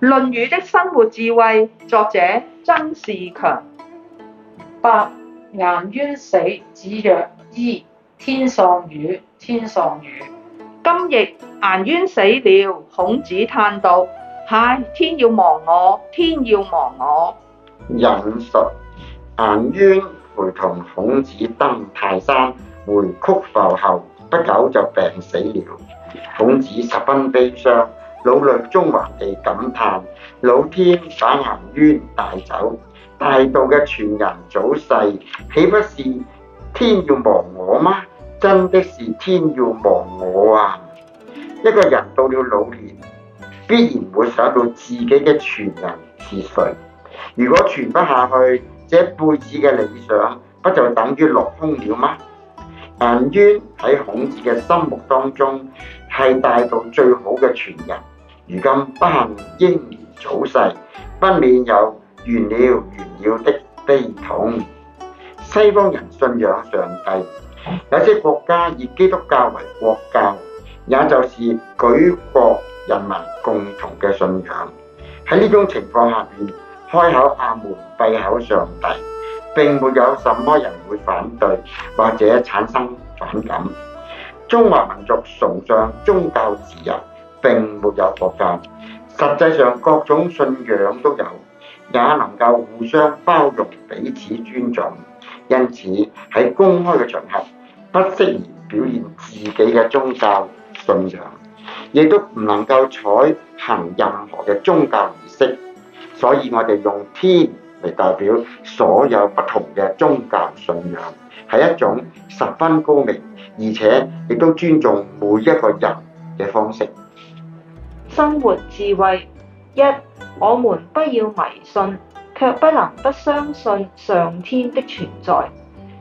《論語》的生活智慧，作者曾仕強。八顏淵死，子曰：噫天喪予，天喪予。今譯顏淵死了，孔子嘆道：唉、哎，天要亡我，天要亡我。引述顏淵陪同孔子登泰山，回曲阜後不久就病死了，孔子十分悲傷。老淚縱橫地感嘆，老天把顏淵帶走，大道嘅傳人早逝，豈不是天要亡我嗎？真的是天要亡我啊！一個人到了老年，必然會想到自己嘅傳人是誰。如果傳不下去，這一輩子嘅理想，不就等於落空了嗎？顏淵喺孔子嘅心目當中，係大道最好嘅傳人。如今不幸英年早逝，不免有怨了懸繞的悲痛。西方人信仰上帝，有些國家以基督教為國教，也就是舉國人民共同嘅信仰。喺呢種情況下面開口阿門閉，閉口上帝，並沒有什麼人會反對或者產生反感。中華民族崇尚宗，宗教自由。並沒有國教，實際上各種信仰都有，也能夠互相包容彼此尊重。因此喺公開嘅場合，不適宜表現自己嘅宗教信仰，亦都唔能夠採行任何嘅宗教儀式。所以我哋用天嚟代表所有不同嘅宗教信仰，係一種十分高明，而且亦都尊重每一個人嘅方式。生活智慧，一，我們不要迷信，卻不能不相信上天的存在，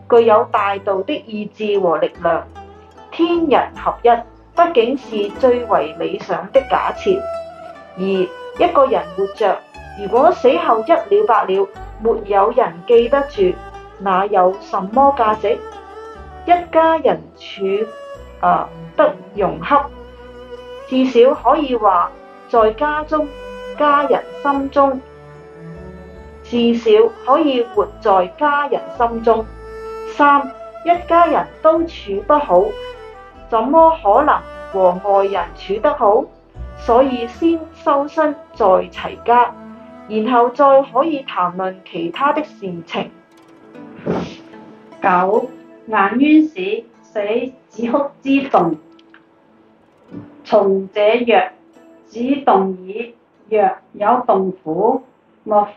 具有大道的意志和力量，天人合一，畢竟是最為理想的假設。二，一個人活着，如果死後一了百了，沒有人記得住，那有什麼價值？一家人處啊不得融洽。至少可以話，在家中家人心中，至少可以活在家人心中。三，一家人都處不好，怎麼可能和外人處得好？所以先修身再齊家，然後再可以談論其他的事情。九，顏淵死，死，子哭之慟。從者曰：子動矣，若有動乎？莫、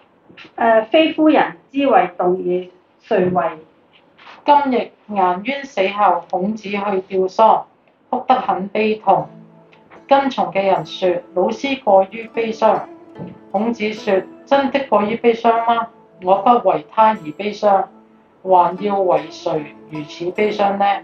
呃、非夫人之為動矣？誰為？今日顏淵死後，孔子去吊喪，哭得很悲痛。跟從嘅人說：老師過於悲傷。孔子說：真的過於悲傷嗎？我不為他而悲傷，還要為誰如此悲傷呢？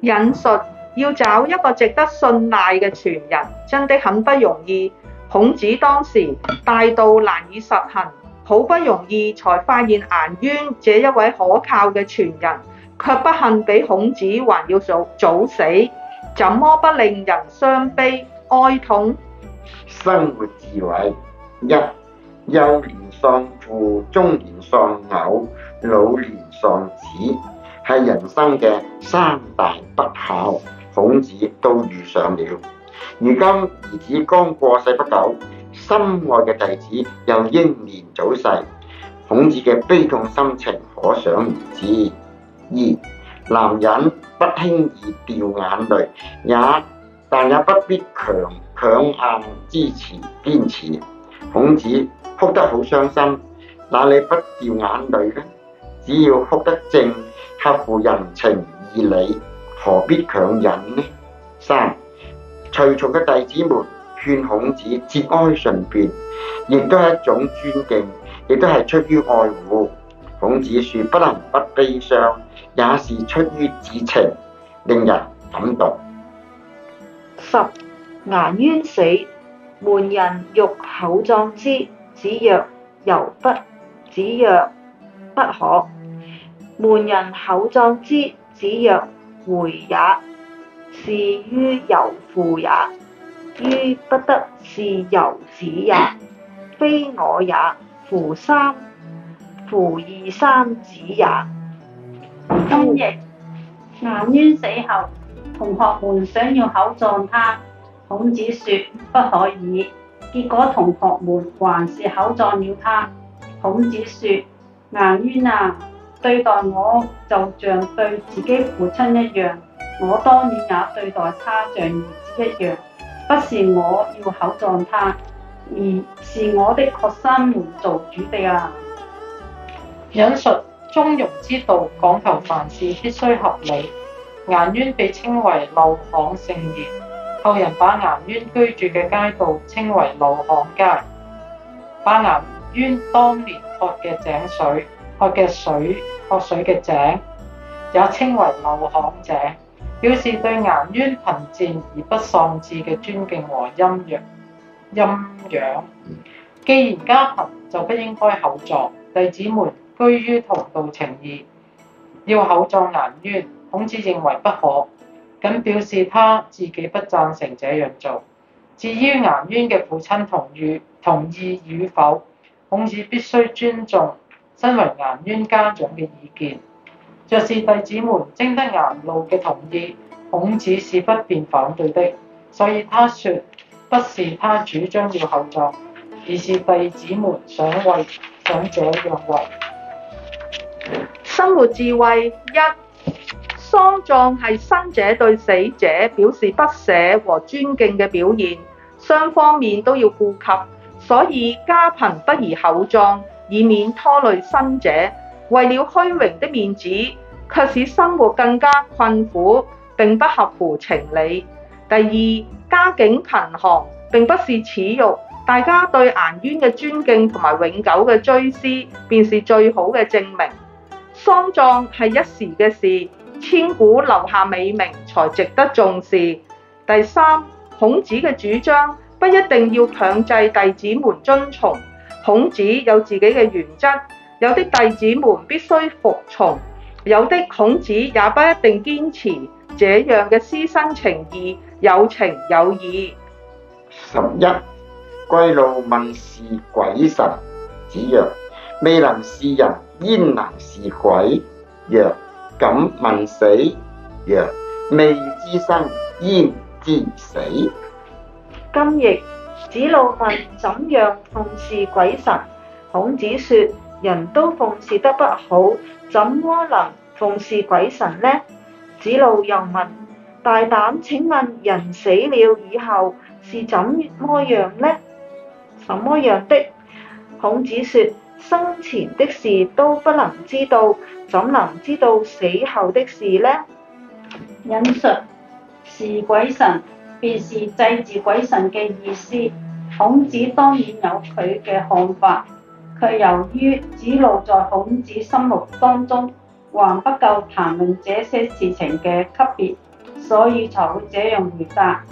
引述。要找一個值得信賴嘅傳人，真的很不容易。孔子當時大道難以實行，好不容易才發現顏淵這一位可靠嘅傳人，卻不幸比孔子還要早早死，怎麼不令人傷悲哀痛？生活智慧一：幼年喪父，中年喪偶，老年喪子，係人生嘅三大不幸。孔子都遇上了，如今兒子剛過世不久，心愛嘅弟子又英年早逝，孔子嘅悲痛心情可想而知。二，男人不輕易掉眼淚，也但也不必強強硬支持堅持。孔子哭得好傷心，那你不掉眼淚呢？只要哭得正，合乎人情義理。何必強忍呢？三，隨從嘅弟子們勸孔子節哀順變，亦都係一種尊敬，亦都係出於愛護。孔子説：不能不悲傷，也是出於至情，令人感動。十，顏淵死，門人欲厚葬之，子曰：由不子曰不可。門人厚葬之，子曰：回也是於由父也，於不得是由子也，非我也，乎三乎二三子也。今亦顏淵死後，同學們想要口葬他，孔子說不可以，結果同學們還是口葬了他。孔子說：顏淵啊。對待我就像對自己父親一樣，我當然也對待他像兒子一樣。不是我要厚葬他，而是我的學生們做主的啊。引述中庸之道，講求凡事必須合理。顏淵被稱為陋巷聖賢，後人把顏淵居住嘅街道稱為陋巷街。把顏淵當年喝嘅井水，喝嘅水，喝水嘅井，也稱為陋巷井，表示對顏淵貧賤而不喪志嘅尊敬和陰陽陰養。既然家貧就不應該厚葬，弟子們居於同道情義，要厚葬顏淵，孔子認為不可，僅表示他自己不贊成這樣做。至於顏淵嘅父親同意同意與否，孔子必須尊重。身為顏淵家長嘅意見，若是弟子們徵得顏路嘅同意，孔子是不便反對的。所以他說，不是他主張要厚葬，而是弟子們想為想這樣為。生活智慧一，喪葬係生者對死者表示不捨和尊敬嘅表現，雙方面都要顧及，所以家貧不宜厚葬。以免拖累生者，為了虛榮的面子，卻使生活更加困苦，並不合乎情理。第二，家境貧寒並不是恥辱，大家對顏淵嘅尊敬同埋永久嘅追思，便是最好嘅證明。喪葬係一時嘅事，千古留下美名，才值得重視。第三，孔子嘅主張不一定要強製弟子們遵從。孔子有自己嘅原則，有啲弟子們必須服從，有的孔子也不一定堅持。這樣嘅師生情義有情有義。十一，歸路問事鬼神，子曰：未能事人，焉能事鬼？曰：敢問死？曰：未知生，焉知死？今亦。子路問怎樣奉侍鬼神？孔子說：人都奉侍得不好，怎麼能奉侍鬼神呢？子路又問：大膽，請問人死了以後是怎麼樣呢？什麼樣的？孔子說：生前的事都不能知道，怎能知道死後的事呢？引述是鬼神，便是祭祀鬼神嘅意思。孔子當然有佢嘅看法，卻由於子路在孔子心目當中還不夠談論這些事情嘅級別，所以才會這樣回答。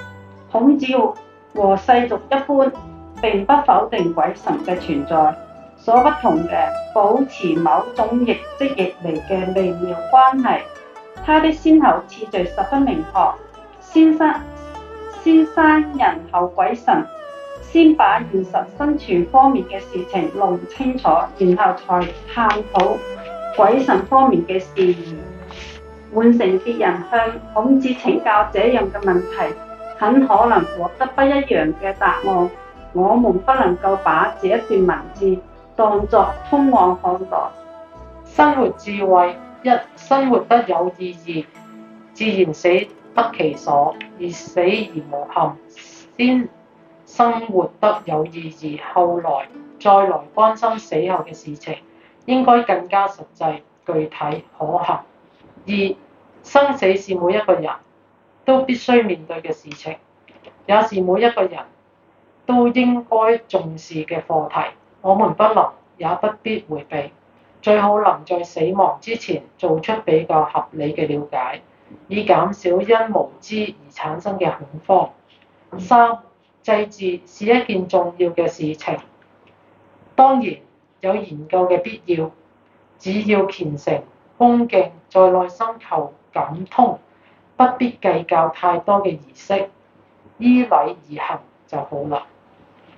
孔子和，和世俗一般並不否定鬼神嘅存在，所不同嘅保持某種若即若離嘅微妙關係。他的先後次序十分明確：先生，先生，人後鬼神。先把現實生存方面嘅事情弄清楚，然後才探討鬼神方面嘅事宜。換成別人向孔子請教這樣嘅問題，很可能獲得不一樣嘅答案。我們不能夠把這一段文字當作通往看待。生活智慧一：生活得有意義，自然死得其所，而死而無憾。先。生活得有意義，後來再來關心死後嘅事情，應該更加實際、具體、可行。二、生死是每一個人都必須面對嘅事情，也是每一個人都應該重視嘅課題。我們不能，也不必回避，最好能在死亡之前做出比較合理嘅了解，以減少因無知而產生嘅恐慌。三祭祀是一件重要嘅事情，當然有研究嘅必要。只要虔誠、恭敬，在內心求感通，不必計較太多嘅儀式，依禮而行就好啦。